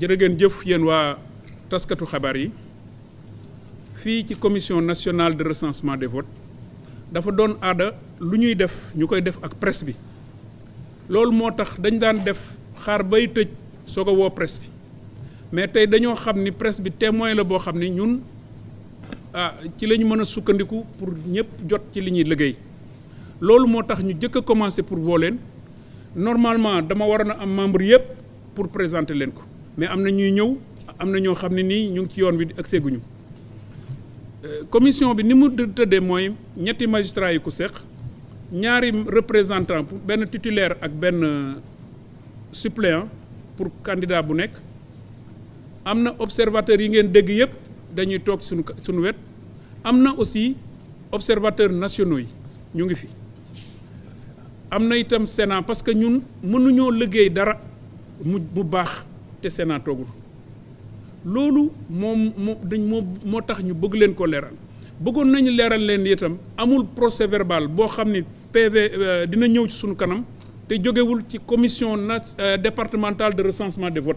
jërëgeen jëf yéen waa taskatu xabaar yi fii ci commission nationale de recensement des votes dafa doon aada lu ñuy def ñu koy def ak presse bi loolu moo tax dañ daan def xaar bay tëj soog a woo presse bi mais tey dañoo xam ni presse bi témoin la boo xam ne ñun ah ci la ñu mën a sukkandiku pour ñëpp jot ci li ñuy liggéey loolu moo tax ñu jëkk a commencé pour boo leen normalement dama waroon a am membre yëpp pour présenter leen ko mais am na ñuy ñëw am na ñoo xam ne nii ñu ngi ci yoon wi ak seguñu euh, commission bi ni mu tëddee mooy ñetti magistrats yi ko seq ñaari représentant pour benn titulaire ak benn euh, suppléant pour candidat bu nekk am na observateurs yi ngeen dégg yëpp dañuy toog suñu suñu wet am na aussi observateur nationaux yi ñu ngi fi am na itam Sénat parce que ñun mënuñoo liggéey dara mu bu baax te Sénat toogul loolu moom moo dañ moo moo tax ñu bëgg leen ko leeral bëggoon nañu leeral leen itam amul procès verbal boo xam ni PV euh, dina ñëw ci suñu kanam te jógewul ci commission na euh, départementale de recensement de vote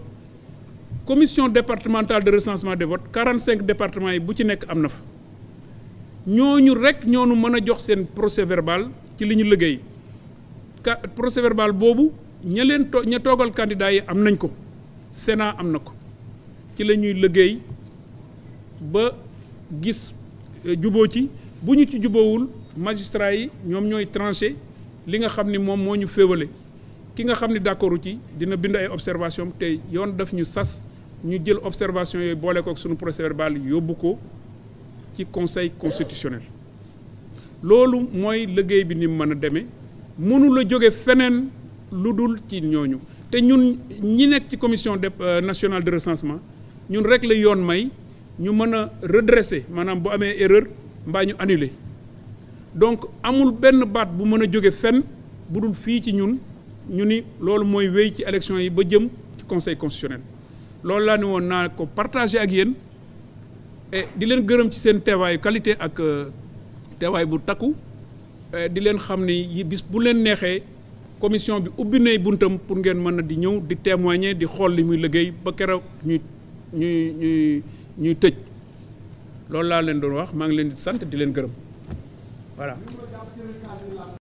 commission départementale de recensement vote votes cinq départements yi bu ci nekk am na fa ñooñu rek ñoonu mën a jox seen procès verbal ci li ñu liggéey procès verbal boobu ña leen to ña toogal candidat yi am nañ ko Sénat am na ko ci la ñuy liggéey ba gis euh, juboo ci bu ñu ci juboowul magistrats yi ñoom ñooy tranché li nga xam ni moom moo ñu féewale ki nga xam ni d'accordu ci dina bind ay observation te yoon daf ñu sas ñu jël observation yooyu boole ko ak suñu procès verbal yóbbu ko ci conseil constitutionnel loolu mooy liggéey bi ni mu mën a demee mënu la jóge feneen lu dul ci ñooñu te ñun ñi nekk ci commission euh, national de recensement ñun rek la yoon may ñu mën a redressé maanaam bu amee erreur mbaa ñu annuler donc amul benn baat bu mën a jóge fen bu dul fii ci ñun ñu ni loolu mooy wéy ci élection yi ba jëm ci conseil constitutionnel loolu laa ne woon naa ko partager ak yéen di leen gërëm ci seen teewaayu qualité ak euh, teewaay bu takku di leen xam ni bis bu leen neexee commission bi ubbi na buntam pour ngeen mën na di ñëw di témoigner di xool li muy liggéey ba keroog ñuy ñuy ñuy tëj loolu laa leen doon wax maa ngi leen di sant di leen gërëm voilà.